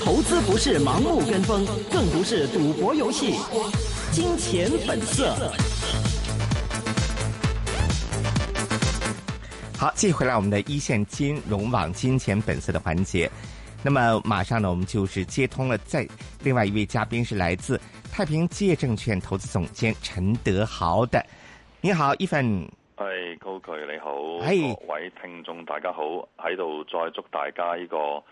投資不是盲目跟風，更不是賭博遊戲。金錢本色 approach,、um,。好，繼續回來我們的一線金融網金錢本色的環節。那麼馬上呢，我們就是接通了，在另外一位嘉賓是來自太平基業證券投資總監陳德豪的。你好，一份。係高渠，你好，係，各位聽眾大家好，喺度再祝大家呢個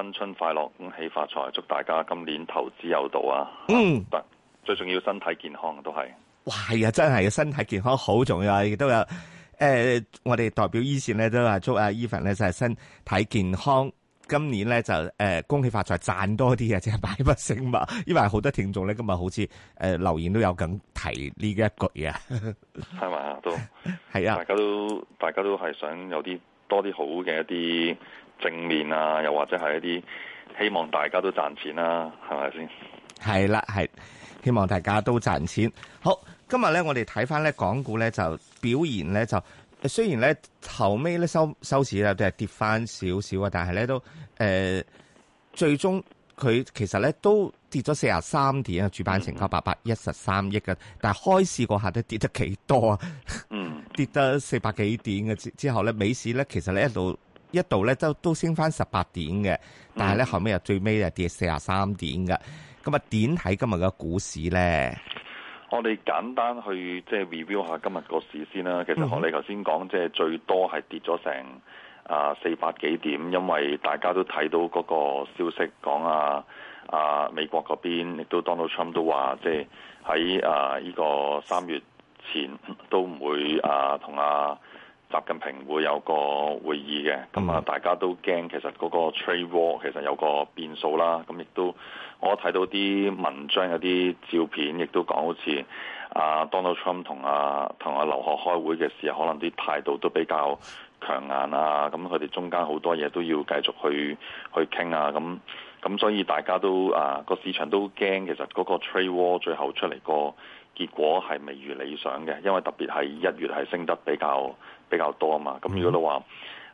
新春快樂，恭喜發財，祝大家今年投資有道啊！嗯、得、啊、最重要身體健康都係。哇，係啊，真係嘅身體健康好重要，啊。亦都有。誒，我哋代表醫線咧都話祝阿伊凡咧就係身體健康。今年咧就誒、呃，恭喜發財，賺多啲啊！即係買不勝嘛。因為好多聽眾咧今日好似誒、呃、留言都有咁提呢一句 是啊，係嘛都係啊，大家都大家都係想有啲多啲好嘅一啲正面啊，又或者係一啲希望大家都賺錢啦、啊，係咪先？係啦、啊，係希望大家都賺錢。好，今日咧我哋睇翻咧港股咧就表現咧就。雖然咧頭尾咧收收市咧都係跌翻少少啊，但係咧都誒、呃、最終佢其實咧都跌咗四十三點啊，主板成交八百一十三億嘅，但係開市嗰下都跌得幾多啊？嗯， 跌得四百幾點嘅之之後咧，尾市咧其實咧一度一度咧都都升翻十八點嘅，但係咧後尾又最尾又跌四十三點嘅，咁啊點睇今日嘅股市咧？我哋簡單去即係 review 下今日個市先啦。其實我哋頭先講，即係最多係跌咗成啊四百幾點，因為大家都睇到嗰個消息講啊啊美國嗰邊，亦都 Donald Trump 都話，即係喺啊呢個三月前都唔會啊同啊。習近平會有個會議嘅，咁啊、嗯、大家都驚，其實嗰個 trade war 其實有個變數啦。咁亦都我睇到啲文章有啲照片，亦都講好似啊 Donald Trump 同啊同啊劉鶴開會嘅時候，可能啲態度都比較強硬啊。咁佢哋中間好多嘢都要繼續去去傾啊。咁咁所以大家都啊個市場都驚，其實嗰個 trade war 最後出嚟個結果係未如理想嘅，因為特別係一月係升得比較比較多嘛。咁、嗯、如果你話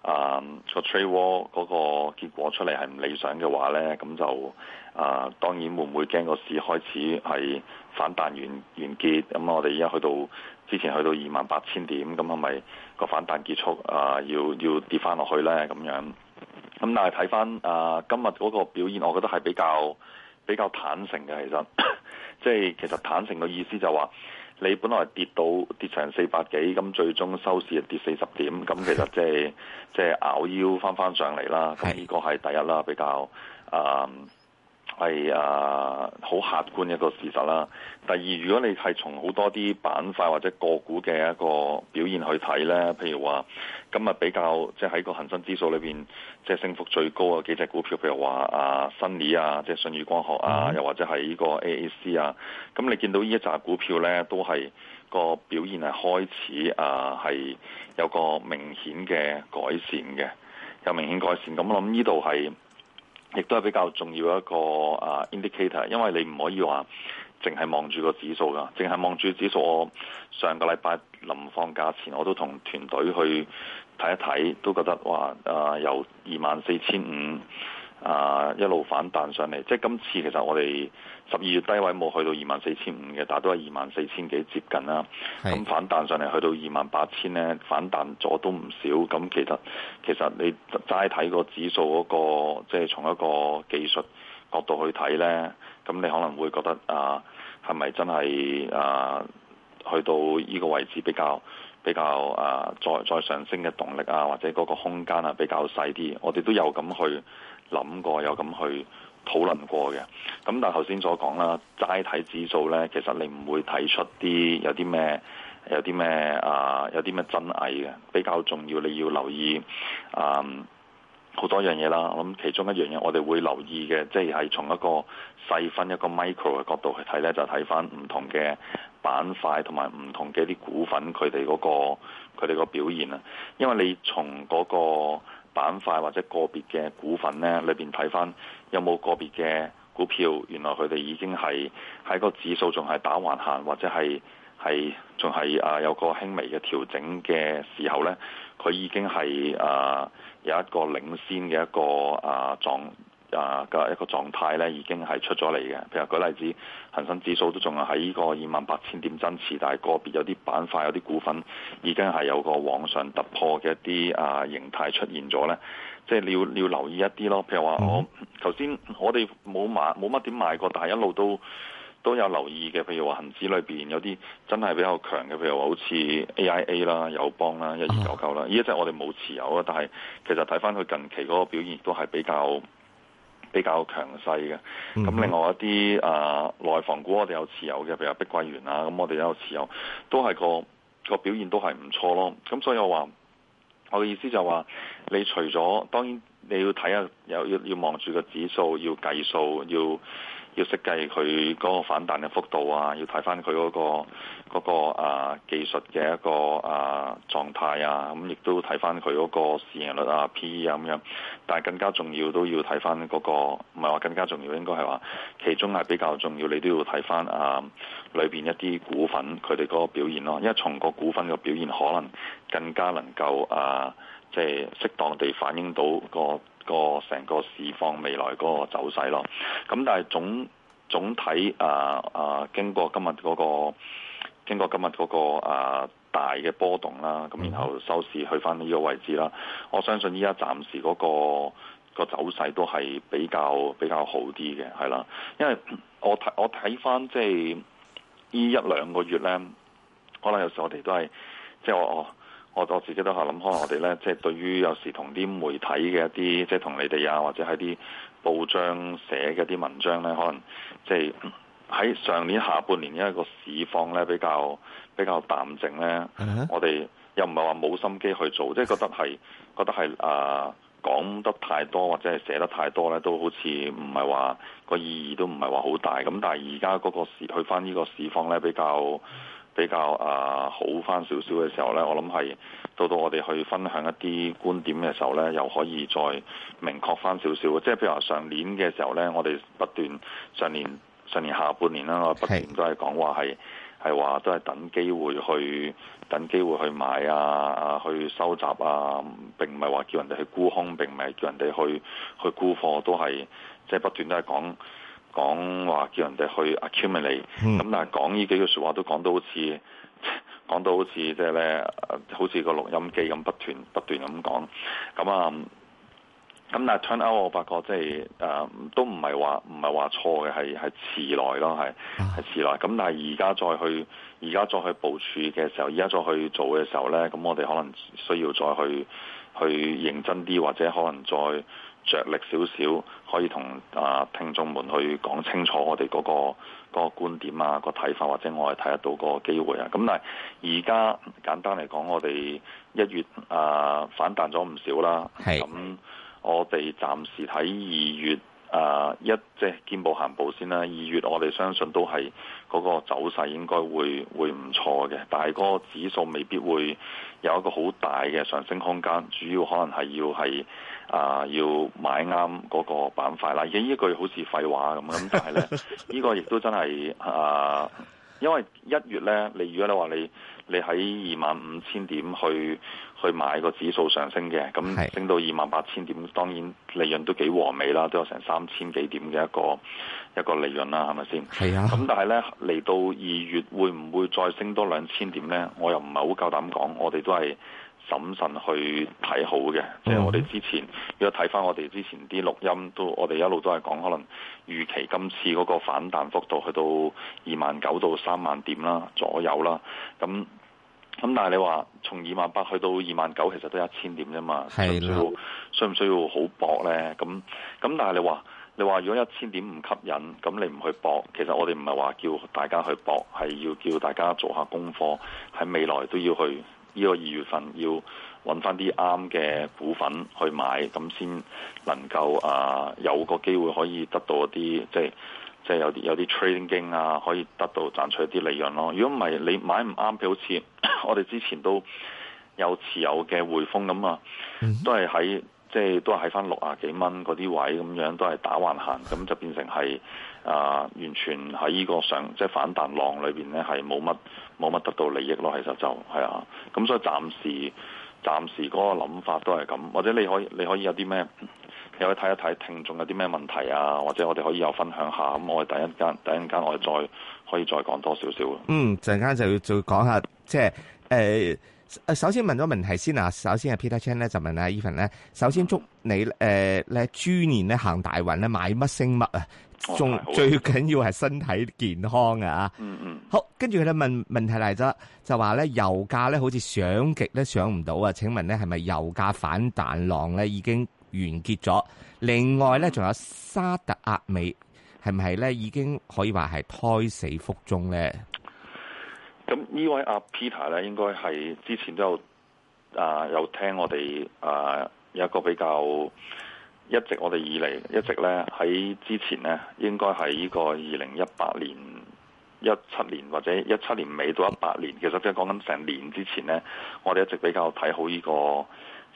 啊、uh, 個 t r a d e w a r l 嗰個結果出嚟係唔理想嘅話咧，咁就啊、uh, 當然會唔會驚個市開始係反彈完完結？咁、嗯、我哋而家去到之前去到二萬八千點，咁係咪個反彈結束啊、uh,？要要跌翻落去咧咁樣？咁、嗯、但係睇翻啊今日嗰個表現，我覺得係比較比較坦誠嘅，其實。 即係其實坦誠嘅意思就話，你本來跌到跌成四百幾，咁最終收市係跌四十點，咁其實即係即係拗腰翻翻上嚟啦。咁、這、呢個係第一啦，比較啊。呃係啊，好客觀一個事實啦。第二，如果你係從好多啲板塊或者個股嘅一個表現去睇咧，譬如話今日比較即係喺個恒生指數裏邊，即係升幅最高嘅幾隻股票，譬如話啊新利啊，即係舜宇光學啊，又或者係呢個 A A C 啊，咁你見到呢一扎股票咧，都係個表現係開始啊，係有個明顯嘅改善嘅，有明顯改善。咁我諗呢度係。亦都係比較重要一個啊 indicator，因為你唔可以話淨係望住個指數㗎，淨係望住指數。我上個禮拜臨放假前，我都同團隊去睇一睇，都覺得哇啊由二萬四千五啊一路反彈上嚟，即係今次其實我哋。十二月低位冇去到二萬四千五嘅，但都係二萬四千幾接近啦。咁是反彈上嚟去到二萬八千咧，反彈咗都唔少。咁其實其實你齋睇個指數嗰個，即係從一個技術角度去睇咧，咁你可能會覺得啊，係咪真係啊，去到依個位置比較比較啊，再再上升嘅動力啊，或者嗰個空間啊比較細啲？我哋都有咁去諗過，有咁去。討論過嘅，咁但係頭先所講啦，齋睇指數呢，其實你唔會睇出啲有啲咩，有啲咩啊，有啲咩爭議嘅。比較重要，你要留意啊，好、嗯、多樣嘢啦。我諗其中一樣嘢，我哋會留意嘅，即係係從一個細分一個 micro 嘅角度去睇呢，就睇翻唔同嘅板塊同埋唔同嘅啲股份佢哋嗰個佢哋個表現啊。因為你從嗰個板塊或者個別嘅股份呢，裏邊睇返有冇個別嘅股票，原來佢哋已經係喺個指數仲係打橫行，或者係係仲係啊有個輕微嘅調整嘅時候呢，佢已經係啊有一個領先嘅一個啊狀。啊嘅一個狀態咧，已經係出咗嚟嘅。譬如話，舉例子，恒生指數都仲係喺個二萬八千點增持，但係個別有啲板塊有啲股份已經係有個往上突破嘅一啲啊形態出現咗咧。即係你要要留意一啲咯。譬如話，我頭先我哋冇買冇乜點買過，但係一路都都有留意嘅。譬如話，恒指裏邊有啲真係比較強嘅，譬如話好似 A I A 啦、友邦啦、一二九九啦，依家即係我哋冇持有啦。但係其實睇翻佢近期嗰個表現都係比較。比較強勢嘅，咁另外一啲啊、呃、內房股我哋有持有嘅，譬如碧桂園啊，咁我哋都有持有，都係個個表現都係唔錯咯。咁所以我話，我嘅意思就話，你除咗當然你要睇下，又要要望住個指數，要計數，要。要設計佢嗰個反彈嘅幅度啊，要睇翻佢嗰個、嗰個、啊技術嘅一個啊狀態啊，咁亦都睇翻佢嗰個市盈率啊、P/E 啊咁樣，但係更加重要都要睇翻嗰個，唔係話更加重要，應該係話其中係比較重要，你都要睇翻啊裏邊一啲股份佢哋嗰個表現咯、啊，因為從個股份嘅表現可能更加能夠啊，即、就、係、是、適當地反映到、嗰個。個成個市況未來嗰個走勢咯，咁但係總總體啊啊、呃呃，經過今日嗰、那個經過今日嗰、那個、呃、大嘅波動啦，咁然後收市去返呢個位置啦，我相信依家暫時嗰、那個、個走勢都係比較比較好啲嘅，係啦，因為我睇我睇返即係呢一兩個月咧，可能有時我哋都係即係我。我自己都係諗，可能我哋咧即係對於有時同啲媒體嘅一啲，即係同你哋啊，或者係啲報章寫嘅啲文章咧，可能即係喺上年下半年呢一個市況咧比較比較淡靜咧，uh huh. 我哋又唔係話冇心機去做，即係覺得係覺得係啊、呃、講得太多或者係寫得太多咧，都好似唔係話個意義都唔係話好大。咁但係而家嗰個市去翻呢個市況咧比較。比較啊好翻少少嘅時候呢，我諗係到到我哋去分享一啲觀點嘅時候呢，又可以再明確翻少少。即係譬如話上年嘅時候呢，我哋不斷上年上年下半年啦，我不斷都係講話係係話都係等機會去等機會去買啊啊，去收集啊，並唔係話叫人哋去沽空，並唔係叫人哋去去沽貨，都係即係不斷都係講。講話叫人哋去 accumulate，咁但係講呢幾句説話都講到好似講到好似即係咧，好似個錄音機咁不斷不斷咁講，咁啊，咁但係 turn out 我發覺即係誒都唔係話唔係話錯嘅，係係遲來咯，係係遲來。咁但係而家再去而家再去部署嘅時候，而家再去做嘅時候咧，咁我哋可能需要再去去認真啲，或者可能再。着力少少，可以同啊聽眾們去講清楚我哋嗰個嗰個觀點啊、個睇法，或者我哋睇得到嗰個機會啊。咁但係而家簡單嚟講，我哋一月啊反彈咗唔少啦。係咁是，我哋暫時睇二月啊一即係見步行步先啦。二月我哋相信都係嗰個走勢應該會會唔錯嘅，但係嗰個指數未必會有一個好大嘅上升空間，主要可能係要係。啊、呃，要買啱嗰個板塊啦，而且呢句好似廢話咁咁，但係咧，呢 個亦都真係啊、呃，因為一月咧，你如果你話你你喺二萬五千點去去買個指數上升嘅，咁升到二萬八千點，當然利潤都幾和美啦，都有成三千幾點嘅一個一個利潤啦，係咪先？係啊。咁但係咧，嚟到二月會唔會再升多兩千點咧？我又唔係好夠膽講，我哋都係。審慎去睇好嘅，即係我哋之前如果睇翻我哋之前啲錄音，都我哋一路都係講可能預期今次嗰個反彈幅度去到二萬九到三萬點啦，左右啦。咁咁，但係你話從二萬八去到二萬九，其實都一千點啫嘛。係的需唔需要好搏咧？咁咁，但係你話，你話如果一千點唔吸引，咁你唔去搏，其實我哋唔係話叫大家去搏，係要叫大家做下功課，喺未來都要去。呢個二月份要揾翻啲啱嘅股份去買，咁先能夠啊有個機會可以得到啲即係即係有啲有啲 trading 經啊，可以得到賺取啲利潤咯。如果唔係你買唔啱嘅，好似我哋之前都有持有嘅匯豐咁啊，都係喺。即係都係喺翻六啊幾蚊嗰啲位咁樣，都係打橫行，咁就變成係啊、呃、完全喺呢個上即係反彈浪裏邊咧，係冇乜冇乜得到利益咯。其實就係啊，咁所以暫時暫時嗰個諗法都係咁，或者你可以你可以有啲咩？你可以睇一睇聽眾有啲咩問題啊，或者我哋可以有分享下。咁我哋等陣間等陣間我哋再可以再講多少少。嗯，陣間就要再講下，即係誒。欸誒，首先問咗問題先啊！首先係，Peter Chan 咧就問啊，Evan 咧，首先祝你誒咧、嗯呃、豬年咧行大運咧，買乜升乜啊！仲最緊要係身體健康啊！嗯嗯，好，跟住佢咧問問題嚟咗，就話咧油價咧好似上極咧上唔到啊！請問咧係咪油價反彈浪咧已經完結咗？另外咧仲有沙特阿美係唔係咧已經可以話係胎死腹中咧？咁呢位阿 Peter 咧，應該係之前都有啊、呃，有聽我哋啊、呃、有一個比較一直我哋以嚟，一直咧喺之前咧，應該係呢個二零一八年一七年或者一七年尾到一八年，其實即係講緊成年之前咧，我哋一直比較睇好呢個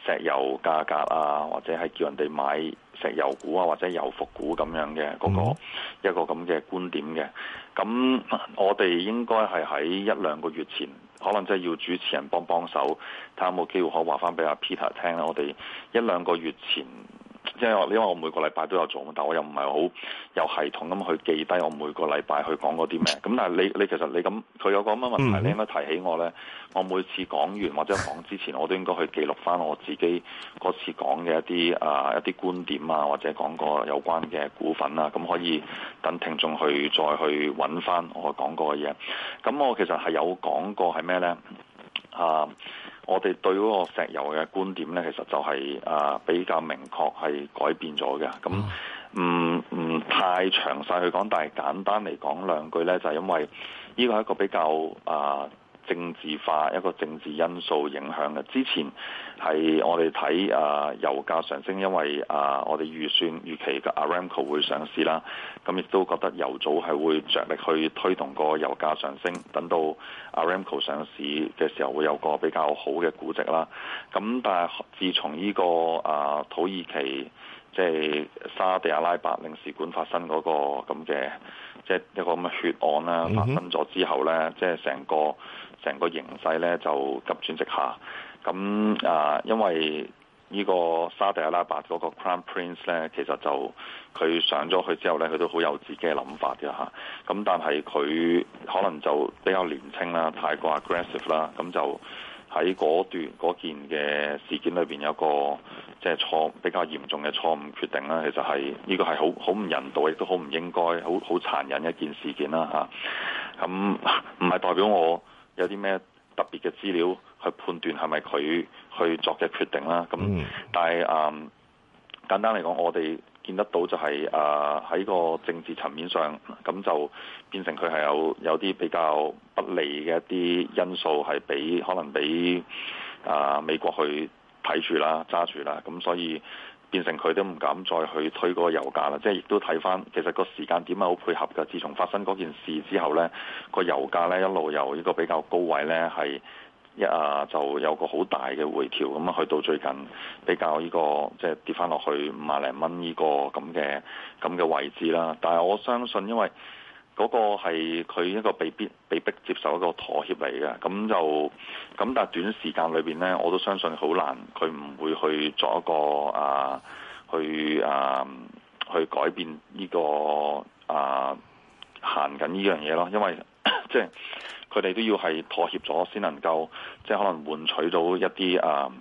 石油價格啊，或者係叫人哋買石油股啊，或者油服股咁樣嘅嗰、嗰個、嗯、一個咁嘅觀點嘅。咁我哋應該係喺一兩個月前，可能真係要主持人幫幫手，睇下有冇機會可以話翻俾阿 Peter 聽啦。我哋一兩個月前。即係我，因為我每個禮拜都有做，但我又唔係好有系統咁去記低我每個禮拜去講嗰啲咩。咁但係你，你其實你咁，佢有講乜問題，你應該提起我咧。我每次講完或者講之前，我都應該去記錄翻我自己嗰次講嘅一啲啊、呃、一啲觀點啊，或者講過有關嘅股份啊，咁可以等聽眾去再去揾翻我講過嘅嘢。咁我其實係有講過係咩咧？啊、呃！我哋對嗰個石油嘅觀點呢，其實就係、是、啊、呃、比較明確，係改變咗嘅。咁唔唔太詳細去講，但係簡單嚟講兩句呢，就係、是、因為呢個係一個比較啊。呃政治化，一個政治因素影響嘅，之前係我哋睇啊油價上升，因為啊我哋預算預期嘅 Aramco 會上市啦，咁亦都覺得油組係會着力去推動個油價上升，等到 Aramco 上市嘅時候會有個比較好嘅估值啦。咁但係自從呢個啊土耳其。即係沙地阿拉伯領事館發生嗰個咁嘅，即係一個咁嘅血案啦，發生咗之後咧，即係成個成個形勢咧就急轉直下。咁啊，因為呢個沙地阿拉伯嗰個 Crown Prince 咧，其實就佢上咗去之後咧，佢都好有自己嘅諗法嘅嚇。咁但係佢可能就比較年輕啦，太過 aggressive 啦，咁就。喺嗰段嗰件嘅事件裏邊有個即係錯，比較嚴重嘅錯誤決定啦。其實係呢個係好好唔人道，亦都好唔應該，好好殘忍一件事件啦吓，咁唔係代表我有啲咩特別嘅資料去判斷係咪佢去作嘅決定啦。咁、啊、但係嗯、啊、簡單嚟講，我哋。見得到就係、是、啊，喺、呃、個政治層面上，咁就變成佢係有有啲比較不利嘅一啲因素，係俾可能俾啊、呃、美國去睇住啦、揸住啦，咁所以變成佢都唔敢再去推嗰個油價啦。即係亦都睇返，其實個時間點係好配合嘅。自從發生嗰件事之後呢，個油價呢一路由一個比較高位呢係。一啊就有個好大嘅回調，咁啊去到最近比較呢、這個即係、就是、跌翻落去五萬零蚊呢個咁嘅咁嘅位置啦。但係我相信，因為嗰、那個係佢一個被逼被逼接受一個妥協嚟嘅，咁就咁但係短時間裏邊咧，我都相信好難佢唔會去做一個啊去啊去改變呢、這個啊行緊呢樣嘢咯，因為即係。 就是佢哋都要係妥協咗先能夠，即係可能換取到一啲啊。呃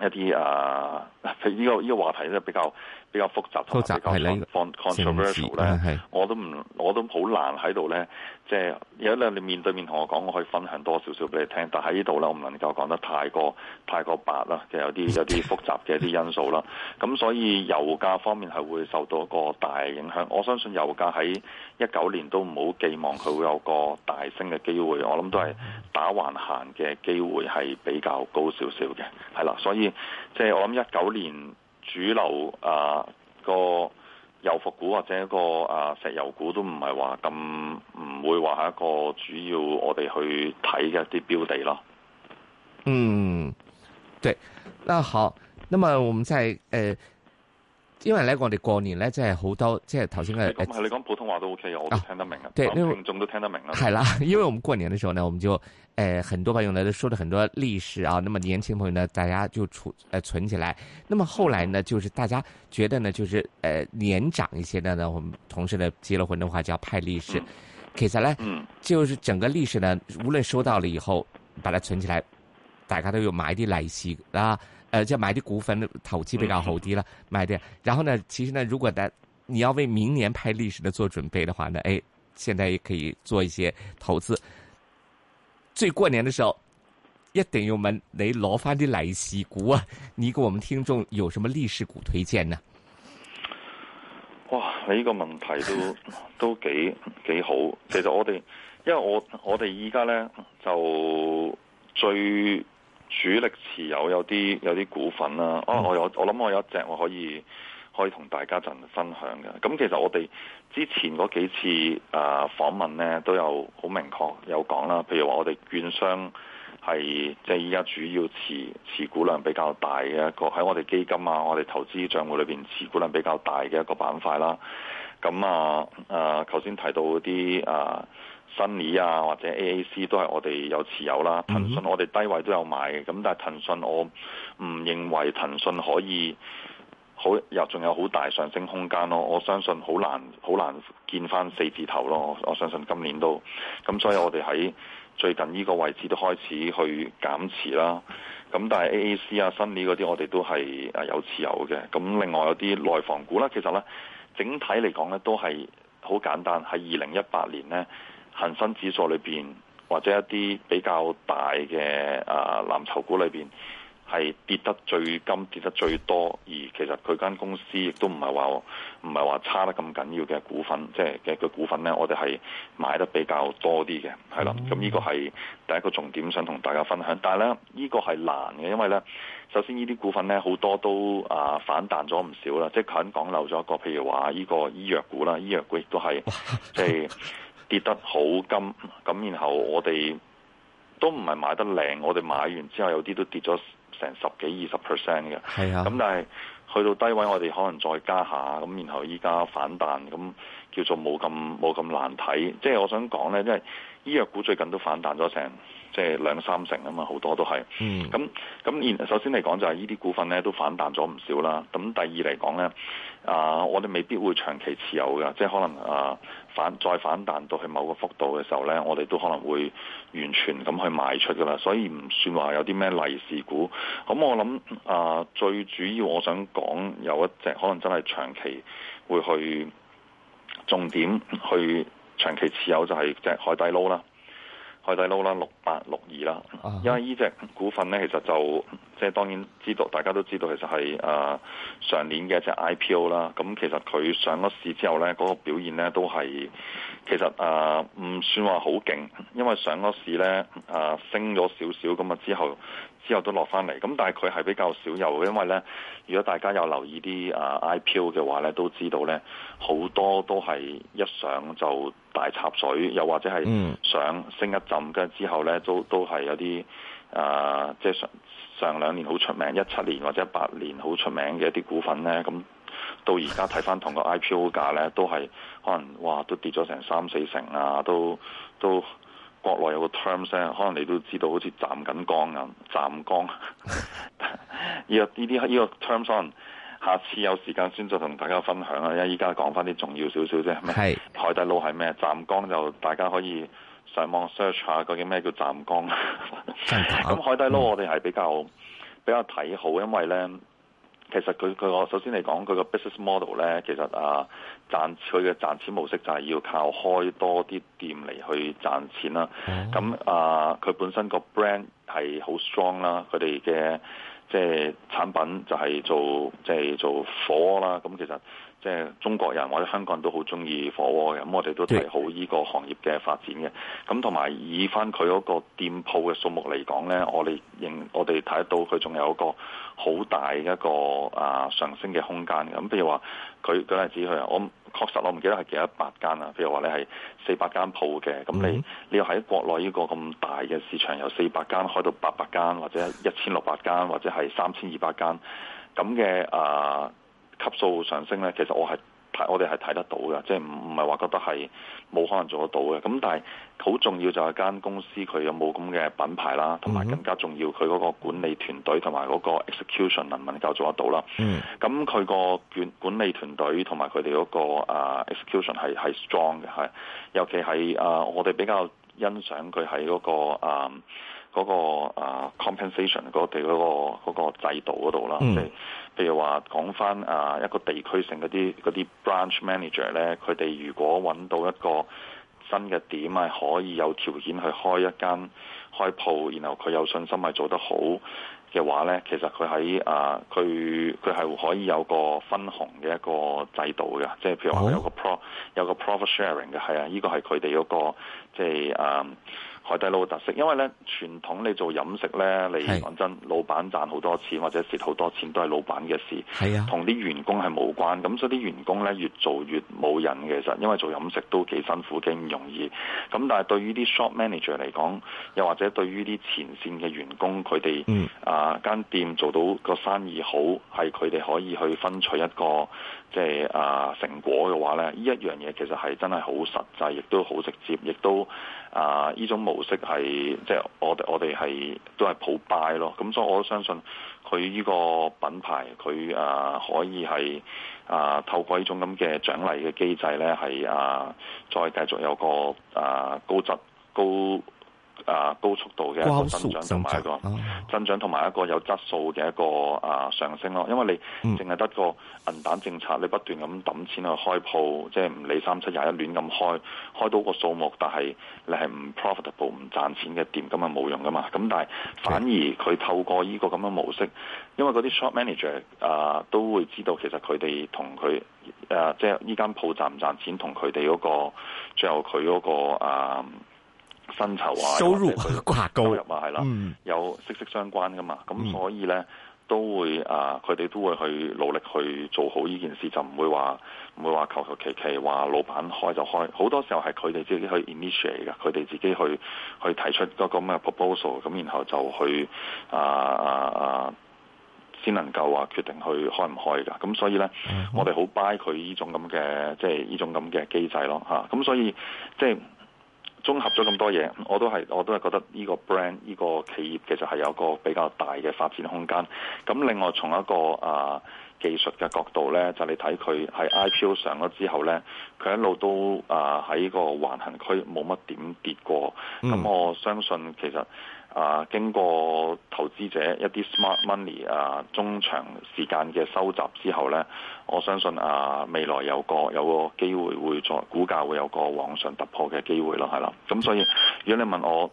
一啲啊，呢、uh, 這個呢、這個話題咧比較比較複雜同埋比較 controversial 咧，我都唔我都好難喺度咧，即係如果你面對面同我講，我可以分享多少少俾你聽，但喺呢度咧，我唔能夠講得太過太過白啦，即係有啲 有啲複雜嘅一啲因素啦。咁所以油價方面係會受到個大影響，我相信油價喺一九年都唔好寄望佢會有個大升嘅機會，我諗都係打橫行嘅機會係比較高少少嘅，係啦。所以即係、就是、我諗一九年主流啊個油服股或者一個啊石油股都唔係話咁唔會話係一個主要我哋去睇嘅一啲標的咯。嗯，對，那好，那麼我們在誒。呃因為咧，我哋過年呢，即係好多，即係頭先嘅。唔係你講普通話都 OK 我聽得明啊。即係聽眾都聽得明啊。係啦，因為，我們過年嘅時候咧，我們就，誒、呃，很多朋友咧都收咗很多利是啊。那麼年輕朋友呢，大家就儲、呃、存起來。那麼後來呢，就是大家覺得呢，就是誒、呃、年長一些的呢，我們同事呢結咗婚的話，就要派利是。嗯、其實咧，嗯，就是整個利是呢，無論收到了以後，把它存起來，大家都有買啲利是啦。啊誒、呃，就買啲股份，投資比較好啲啦，嗯、買啲。然後呢，其實呢，如果但你要為明年派利是嘅做準備嘅話呢，誒、哎，現在也可以做一些投資。最過年嘅時候一定要問你攞翻啲利是股啊！你給我們聽眾有什麼利是股推薦呢？哇，你呢個問題都 都幾幾好。其實我哋因為我我哋依家咧就最。主力持有有啲有啲股份啦，啊、嗯、我有我諗我有一隻我可以可以同大家一陣分享嘅。咁其實我哋之前嗰幾次啊訪問咧都有好明確有講啦，譬如話我哋券商係即係依家主要持持股量比較大嘅一個喺我哋基金啊、我哋投資帳戶裏邊持股量比較大嘅一個板塊啦。咁啊誒頭先提到啲啊，舜宇啊，或者 A A C 都係我哋有持有啦。騰訊我哋低位都有買嘅，咁但係騰訊我唔認為騰訊可以好又仲有好大上升空間咯。我相信好難好難見翻四字頭咯。我相信今年都咁，所以我哋喺最近呢個位置都開始去減持啦。咁但係 A A C 啊、舜宇嗰啲我哋都係啊有持有嘅。咁另外有啲內房股啦，其實咧整體嚟講咧都係好簡單，喺二零一八年咧。恒生指數裏邊，或者一啲比較大嘅啊藍籌股裏邊，係跌得最金，跌得最多，而其實佢間公司亦都唔係話唔係話差得咁緊要嘅股份，即係佢嘅股份咧，我哋係買得比較多啲嘅，係啦。咁呢、mm hmm. 個係第一個重點想同大家分享。但係咧，呢、呢個係難嘅，因為咧，首先呢啲股份咧好多都啊、呃、反彈咗唔少啦，即係佢肯講漏咗一個，譬如話呢個醫藥股啦，醫藥股亦都係即係。即係 跌得好金，咁然後我哋都唔係買得靚，我哋買完之後有啲都跌咗成十幾二十 percent 嘅，咁係啊，但係去到低位我哋可能再加下，咁然後依家反彈，咁叫做冇咁冇咁難睇。即係我想講呢，因為醫藥股最近都反彈咗成。即係兩三成啊嘛，好多都係。咁咁、嗯，首先嚟講就係呢啲股份咧都反彈咗唔少啦。咁第二嚟講咧，啊、呃，我哋未必會長期持有噶，即係可能啊、呃、反再反彈到去某個幅度嘅時候咧，我哋都可能會完全咁去賣出噶啦。所以唔算話有啲咩利是股。咁我諗啊、呃，最主要我想講有一隻可能真係長期會去重點去長期持有就係、是、隻海底撈啦。海底撈啦，六八六二啦，因為呢隻股份咧，其實就即係當然知道，大家都知道其實係誒、呃、上年嘅一隻 IPO 啦、啊。咁其實佢上咗市之後咧，嗰、那個表現咧都係其實誒唔、呃、算話好勁，因為上咗市咧誒、呃、升咗少少，咁啊之後之後都落翻嚟。咁、嗯、但係佢係比較少有，因為咧如果大家有留意啲誒、呃、IPO 嘅話咧，都知道咧好多都係一上就。大插水，又或者係上升一浸。跟住之後咧，都都係有啲啊、呃，即係上上兩年好出名，一七年或者一八年好出名嘅一啲股份咧，咁、嗯、到而家睇返同個 IPO 價咧，都係可能哇，都跌咗成三四成啊，都都國內有個 terms 可能你都知道，好似站緊崗啊，站崗、啊，依、 呢個呢啲依個 terms 可能。下次有時間先再同大家分享啊！因為依家講翻啲重要少少啫，咩是海底撈係咩？湛江就大家可以上網 search 下究竟咩叫湛江。咁光 海底撈我哋係比較、嗯、比較睇好，因為咧，其實佢佢個首先嚟講，佢個 business model 咧，其實啊賺佢嘅賺錢模式就係要靠開多啲店嚟去賺錢啦。咁、哦、啊，佢本身個 brand 係好 strong 啦，佢哋嘅。即係產品就係做即係、就係、做火鍋啦，咁其實即係中國人或者香港人都好中意火鍋嘅，咁我哋都睇好依個行業嘅發展嘅。咁同埋以翻佢嗰個店鋪嘅數目嚟講咧，我哋認我哋睇到佢仲有一個好大一個啊上升嘅空間嘅。咁譬如話，佢舉例子佢啊，我。確實，我唔記得係幾多百間啊，譬如話你係四百間鋪嘅，咁你你喺國內呢個咁大嘅市場，由四百間開到八百間，或者一千六百間，或者係三千二百間咁嘅啊級數上升呢，其實我係。我哋係睇得到嘅，即係唔唔係話覺得係冇可能做得到嘅。咁但係好重要就係間公司佢有冇咁嘅品牌啦，同埋更加重要佢嗰個管理團隊同埋嗰個 execution 能唔能夠做得到啦？嗯，咁佢個管管理團隊同埋佢哋嗰個 execution 係係 strong 嘅，係尤其係啊、呃、我哋比較欣賞佢喺嗰個、呃嗰、嗰個、uh, compensation 嗰啲嗰個制度嗰度啦，即係、mm. 譬如話講翻啊一個地區性嗰啲啲 branch manager 咧，佢哋如果揾到一個新嘅點，係可以有條件去開一間開鋪，然後佢有信心係做得好嘅話咧，其實佢喺啊佢佢係可以有個分紅嘅一個制度嘅，即係譬如話好有個 pro 有個 profit sharing 嘅，係啊，呢、嗰個係佢哋嗰個即係啊。Um, 海底撈嘅特色，因為咧傳統你做飲食咧，你講真，是老闆賺好多錢或者蝕好多錢都係老闆嘅事，係啊，同啲員工係冇關。咁所以啲員工咧越做越冇癮嘅，其實因為做飲食都幾辛苦幾唔容易。咁但係對於啲 shop manager 嚟講，又或者對於啲前線嘅員工，佢哋啊間店做到個生意好，係佢哋可以去分取一個。即係啊成果嘅話咧，呢一樣嘢其實係真係好實際，亦都好直接，亦都啊呢種模式係即係我哋我哋係都係普拜咯。咁所以我相信佢呢個品牌佢啊可以係啊透過呢種咁嘅獎勵嘅機制咧，係啊再繼續有個啊高質高。啊，高速度嘅一個增長同埋一個增長，同埋一個、啊、一個有質素嘅一個啊上升咯。因為你淨係得個銀彈政策，你不斷咁抌錢去開鋪，嗯、即係唔理三七廿一亂咁開，開到個數目，但係你係唔 profitable 唔賺錢嘅店，咁咪冇用噶嘛。咁但係反而佢透過呢個咁嘅模式，因為嗰啲 shop manager 啊都會知道，其實佢哋同佢誒即係呢間鋪賺唔賺錢，同佢哋嗰個最後佢嗰、嗰個啊。薪酬啊，收入啊，係啦、嗯，有息息相關噶嘛，咁、嗯、所以咧都會啊，佢、呃、哋都會去努力去做好依件事，就唔會話唔會話求求其其話老闆開就開，好多時候係佢哋自己去 initiate 嘅，佢哋自己去去提出嗰個咁嘅 proposal，咁然後就去啊啊啊，先、呃、能夠話決定去開唔開噶，咁所以咧，嗯、我哋好 buy 佢依種咁嘅即係依種咁嘅機制咯嚇，咁、啊、所以即係。綜合咗咁多嘢，我都係我都係覺得呢個 brand 呢個企業其實係有個比較大嘅發展空間。咁另外從一個啊、呃、技術嘅角度呢，就你睇佢喺 IPO 上咗之後呢，佢一路都啊喺、呃、個橫行區冇乜點跌過。咁我相信其實。啊，經過投資者一啲 smart money 啊，中長時間嘅收集之後呢，我相信啊，未來有個有個機會會在股價會有個往上突破嘅機會咯，係啦。咁所以，如果你問我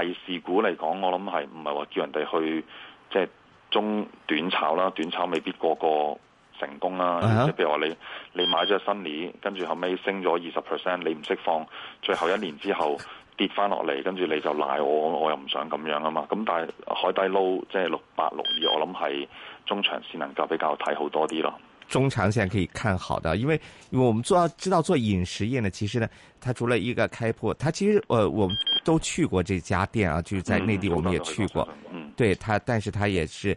利是股嚟講，我諗係唔係話叫人哋去即係、即係、中短炒啦，短炒未必個個成功啦。即係譬如話你你買咗新年，跟住後尾升咗二十 percent，你唔識放，最後一年之後，跌翻落嚟，跟住你就賴我，我又唔想咁樣啊嘛。咁但係海底撈即係六八六二，我諗係中長線能夠比較睇好多啲咯。中長線可以看好的，因為因為我們做知道做飲食業呢，其實呢，它除了一個開鋪，它其實，呃，我們都去過這家店啊，就是在內地，我們也去過，嗯，嗯嗯對它，但是它也是。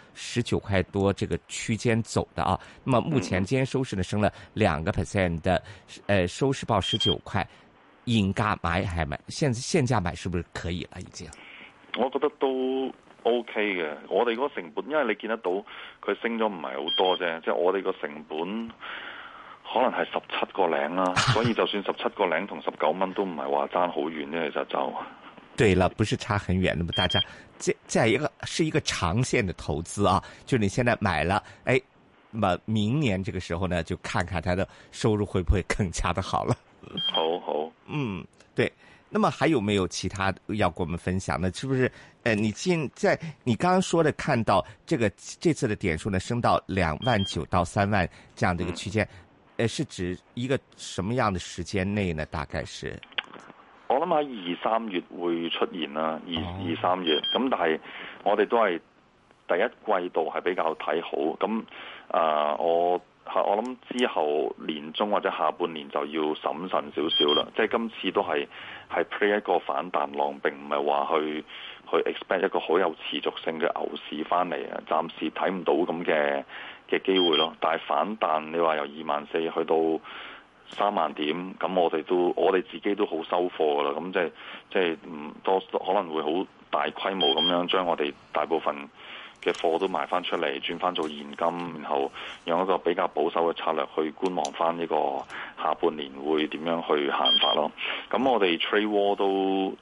十九塊多這個區間走的啊，那麼目前今天收市呢升了兩個 percent 的，誒、呃、收市報十九塊，現價買係咪？現現價買是不是可以啦？已經，我覺得都 OK 嘅，我哋個成本，因為你見得到佢升咗唔係好多啫，即、就、係、是、我哋個成本可能係十七個零啦、啊， 所以就算十七個零同十九蚊都唔係話爭好遠其實就。對啦，不是差很遠，那麼大家即即係一個。一個長線的投資啊，就你現在買了，誒、哎，那麼，明年這個時候呢，就看看它的收入會不會更加的好了。好好，好嗯，對。那麼還有沒有其他要跟我們分享呢？那、就是不是誒、呃，你現在你剛剛說的，看到這個這次的點數呢，升到兩萬九到三萬這樣的一個區間，誒、嗯呃，是指一個什麼樣的時間內呢？大概是？我諗喺二三月會出現啦，二二三月咁，但係。我哋都係第一季度係比較睇好，咁啊、呃，我我諗之後年中或者下半年就要審慎少少啦。即係今次都係係 play 一個反彈浪，並唔係話去去 expect 一個好有持續性嘅牛市翻嚟啊。暫時睇唔到咁嘅嘅機會咯。但係反彈你話由二萬四去到三萬點，咁我哋都我哋自己都好收貨噶啦。咁即係即係唔多可能會好。大規模咁樣將我哋大部分嘅貨都賣翻出嚟，轉翻做現金，然後用一個比較保守嘅策略去觀望翻呢個下半年會點樣去行法咯。咁我哋 trade war 都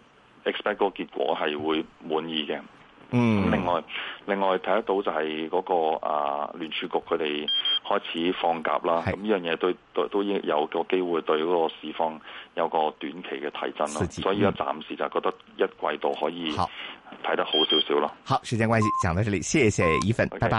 expect 個結果係會滿意嘅。嗯，另外，另外睇得到就係嗰個啊，聯儲局佢哋開始放鴿啦，係咁呢樣嘢都都都已經有個機會對個市況有個短期嘅提振咯，集所以而家暫時就覺得一季度可以睇得好少少咯。好，時間關係講到這裡，謝謝 e 份，Okay. 拜拜。